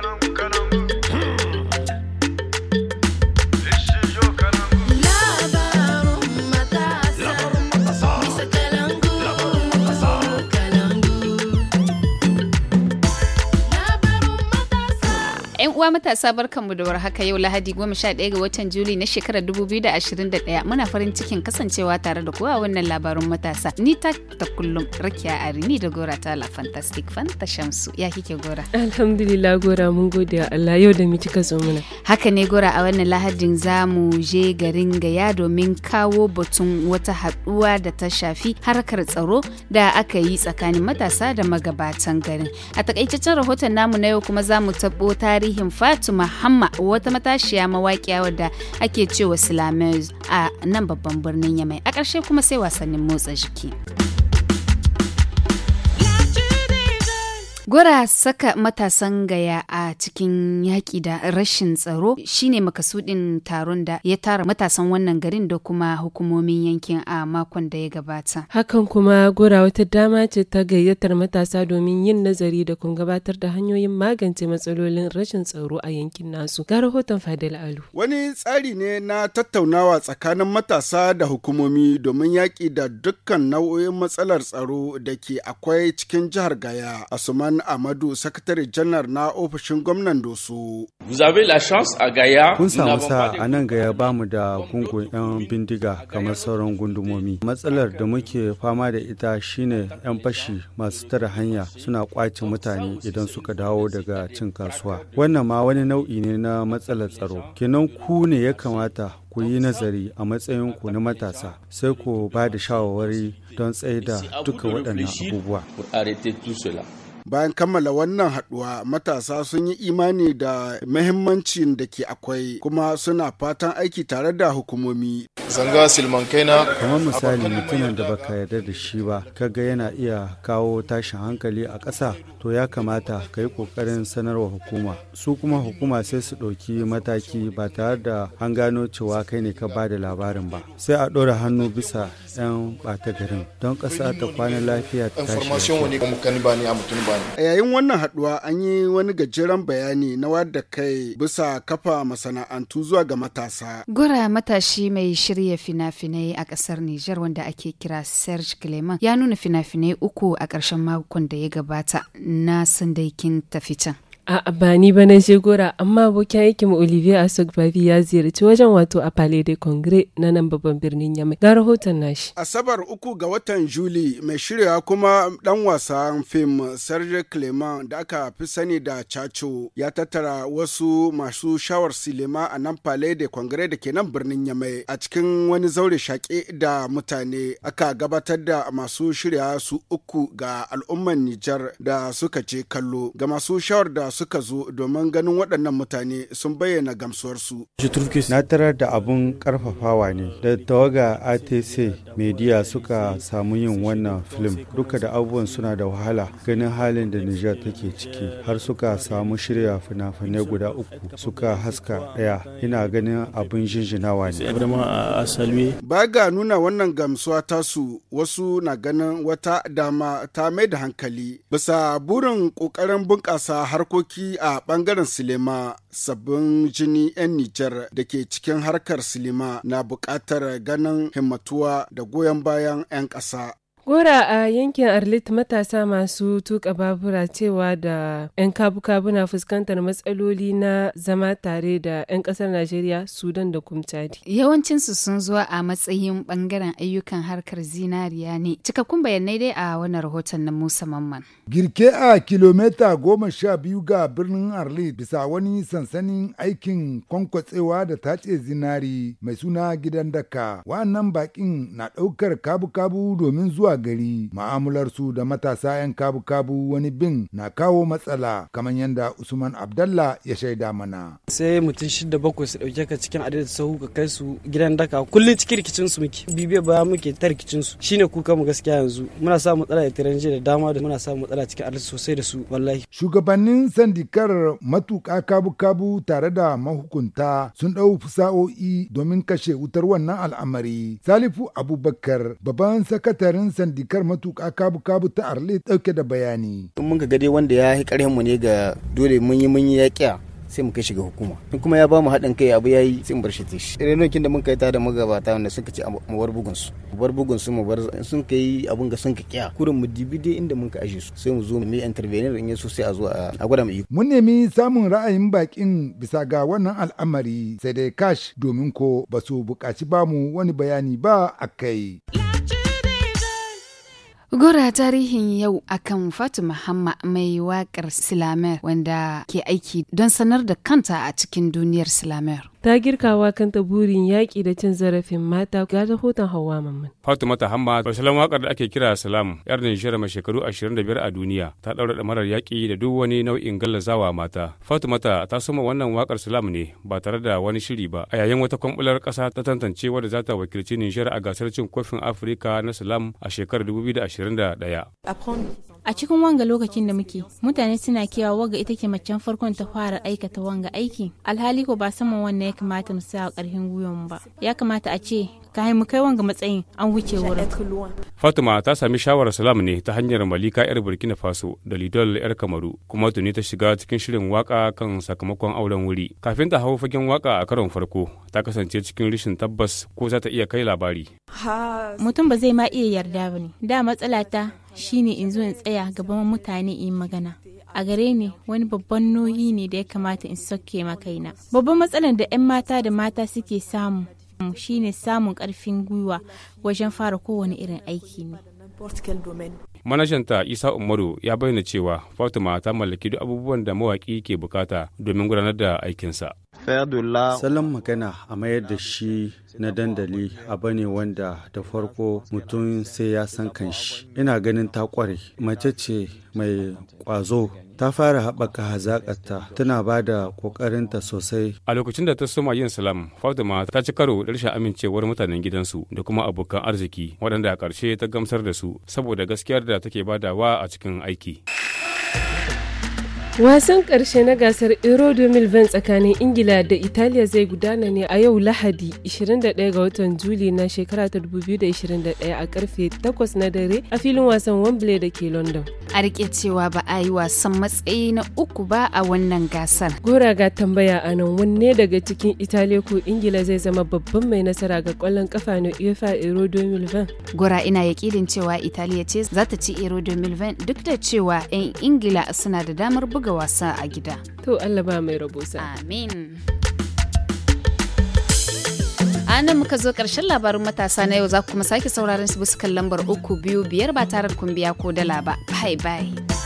não 'yan uwa matasa barkanmu da warhaka yau Lahadi goma sha daya ga watan Juli na shekarar 2021 muna farin cikin kasancewa tare da kowa wannan labarin matasa. Ni ta ta kullum Rakiya Arini da Gora ta La Fantastic Fanta Shamsu. Ya kike Gora? Alhamdulillah Gora mun gode wa Allah yau da mu ka zo mana. Haka ne Gora a wannan Lahadin za mu je garin Gaya domin kawo batun wata haɗuwa da ta shafi harkar tsaro da aka yi tsakanin matasa da magabatan garin. A takaitaccen rahoton namu na yau kuma za mu taɓo tarihi tarihin Fatima Hamma wata matashiya mawaƙiya wadda ake cewa Silamez a nan babban birnin Yamai. A ƙarshe kuma sai wasannin motsa jiki. Gwara saka matasan gaya a cikin yaƙi da rashin tsaro shine makasudin taron da ya tara matasan wannan garin da kuma hukumomin yankin a makon da ya gabata. Hakan kuma gura wata dama ce ta gayyatar matasa domin yin nazari da kun gabatar da hanyoyin magance matsalolin rashin tsaro a yankin nasu. Ga rahoton Fadil Alu. Wani tsari ne na tattaunawa tsakanin matasa da hukumomi domin yaƙi da dukkan nau'o'in matsalar tsaro da ke akwai cikin jihar Gaya. Asuman Amadu, sakatare janar na ofishin gwamnan Doso. Kun samu sa a nan gaya ba mu da gungun 'yan bindiga kamar sauran gundumomi. Matsalar da muke fama da ita shine 'yan fashi masu tara hanya suna kwace mutane idan suka dawo daga cin kasuwa. Wannan ma wani nau'i ne na matsalar tsaro. Kenan ku ne ya kamata ku yi nazari a matsayin ku na matasa sai ku ba da shawarwari don tsaida duka waɗannan abubuwa. Bayan kammala wannan haduwa, matasa sun yi imani da mahimmancin da ke akwai kuma suna fatan aiki tare da hukumomi zanga silmankaina kamar misali mutumin da baka yarda da shi ba kaga yana iya kawo tashin hankali a ƙasa to ya kamata ka yi ƙoƙarin sanarwa hukuma su kuma hukuma sai su ɗauki mataki ba tare da an gano cewa kai ne ka ba da labarin ba sai a ɗora hannu bisa 'yan ɓata garin don ƙasa ta kwana lafiya ta a yayin wannan haɗuwa an yi wani gajeren bayani na wadda kai bisa kafa masana'antu zuwa ga matasa gura matashi mai shirya shirya fina-finai a ƙasar Nijar wanda ake kira Serge Clement ya nuna fina-finai uku a ƙarshen makon da ya gabata na sandaikin tafi can. A'a ba ni ba na je gora amma abokin aikinmu Olivier Asogbavi ya ziyarci wajen wato a Palais de Congrès na nan babban birnin Yamai. Ga rahoton nashi. Asabar uku ga watan Juli mai shirya kuma dan wasan fim Serge Clement da aka fi sani da Chacho ya tattara wasu masu shawar silima a nan Palais de Congrès da ke nan birnin Yamai a cikin wani zaure shaƙe da mutane aka gabatar da masu shirya su uku ga al'umman Nijar da suka je kallo ga masu shawar da suka zo domin ganin waɗannan mutane sun bayyana gamsuwarsu. Na tarar da abun karfafawa ne da tawaga ATC Media suka samu yin wannan film duka da abubuwan suna da wahala ganin halin da Nijar take ciki har suka samu shirya fina-finai guda uku suka haska ɗaya ina ganin abun jinjinawa ne. Ba ga nuna wannan gamsuwa tasu wasu na ganin wata dama ta mai da hankali bisa burin ƙoƙarin bunƙasa harkokin dokoki a bangaren silima sabbin jini 'yan Nijar da ke cikin harkar silima na bukatar ganin himmatuwa da goyon bayan 'yan ƙasa. Gora a yankin Arlit matasa masu tuka babura cewa da 'yan kabu-kabu na fuskantar matsaloli na zama tare da 'yan kasar Najeriya, Sudan da Kumtadi. Yawancinsu sun zo a matsayin bangaren ayyukan harkar zinariya ne. Cikakkun bayanai dai a wannan rahoton na Musa Mamman. Girke a kilomita goma sha biyu ga birnin Arlit bisa wani sansanin aikin kwankwatsewa da tace zinari mai suna gidan daka. Wa'annan bakin na ɗaukar kabu-kabu domin zuwa gari ma'amularsu da matasa 'yan kabu-kabu wani bin na kawo matsala kamar yadda Usman abdalla ya shaida mana. Sai mutum shida bakwai su dauke ka cikin adadin sahu ka kai su gidan daka kullum cikin rikicin su muke bibiya baya muke ta rikicin su shine kuka mu gaskiya yanzu muna sa matsala da tiranje da dama da muna sa matsala cikin adadin sosai da su wallahi. Shugabannin sandikar matuka kabu-kabu tare da mahukunta sun ɗau fusa'o'i domin kashe wutar wannan al'amari. Salifu Abubakar babban sakataren akan dikar matuƙa kabu kabu ta arle dauke da bayani. in mun ga dai wanda ya yi karhen mu ne ga dole mun yi mun yi yaƙiya sai mu kai shi ga hukuma in kuma ya ba mu haɗin kai abu yayi sai mu bar shi tishi renokin da mun kai ta da magabata wanda suka ce mu bar bugun su mu bar bugun su mu bar sun kai abun ga sun ka kiya kurin mu dibi dai inda mun ka aje su sai mu zo mu yi intervenir in yaso sai a zo a gwada mu mun nemi samun ra'ayin bakin bisa ga wannan al'amari sai dai kash domin ko ba su buƙaci ba mu wani bayani ba a kai Gora tarihin yau akan Fatima Hamma mai waƙar Silamer wanda ke aiki don sanar da kanta a cikin duniyar Silamer. ta girkawa kanta burin yaƙi da cin zarafin mata ga rahoton Hauwa Mamman. Fatima Hamma salon waƙar da ake kira Salam yar Nijar mai shekaru ashirin 25 a duniya ta ɗaura ɗamarar yaƙi da duk wani nau'in gallazawa mata. Fatima ta soma wannan waƙar Salam ne ba tare da wani shiri ba a yayin wata kwanbular ƙasa ta tantance wadda za ta wakilci Nijar a gasar cin kofin Afirka na Salam a shekarar 2021. A cikin wanga lokacin da muke mutane suna kewa waga ita ke macen farkon ta fara aikata wanga aiki alhali ko ba saman wannan ya kamata mu sa ƙarfin gwiwan ba ya kamata a ce ka mu kai wanga matsayin an wuce wurin fatima ta sami shawarar salam ne ta hanyar malika yar burkina faso da lidol yar kamaru kuma tuni ta shiga cikin shirin waka kan sakamakon auren wuri kafin ta hau fagen waka a karon farko ta kasance cikin rishin tabbas ko za ta iya kai labari mutum ba zai ma iya yarda ba ne da matsala ta shine in zo in tsaya gaban mutane in magana a gare ni wani babban nohi ne da ya kamata in soke makaina. Babban matsalar da 'yan mata da mata suke samu shine samun karfin gwiwa wajen fara kowane irin aiki ne. Manajanta Isa Umaru ya bayyana cewa Fatima ta mallaki duk abubuwan da mawaki ke bukata domin gudanar da aikinsa. salon magana a mayar da shi na dandali a ne wanda da farko mutum sai ya san kanshi ina ganin ta kware mace ce mai kwazo ta fara haɓaka hazaƙarta tana ba da ƙoƙarinta sosai. A lokacin da ta soma yin salam, Fatima ta ci karo da rashin amincewar mutanen gidansu da kuma abokan arziki waɗanda a ƙarshe ta gamsar da su saboda gaskiyar da take badawa a cikin aiki. Wasan ƙarshe na gasar Euro 2020 tsakanin Ingila da Italiya zai gudana ne a yau Lahadi 21 ga watan Juli na shekara ta 2021 a karfe 8 na dare a filin wasan Wembley da ke London. A rike cewa ba a yi wasan matsayi na uku ba a wannan gasar. Gora ga tambaya a nan wanne daga cikin Italiya ko Ingila zai zama babban mai nasara ga kwallon kafa na UEFA Euro 2020. Gora ina yakidin cewa Italiya ce za ta ci Euro 2020 duk da cewa 'yan Ingila suna da damar buga buga wasa a gida. To Allah ba mai rabosa. Amin. nan muka zo ƙarshen labarin matasa na yau za kuma sake sauraron su bisa kan lambar uku biyu biyar ba tare da biya ko dala ba. Bye bye.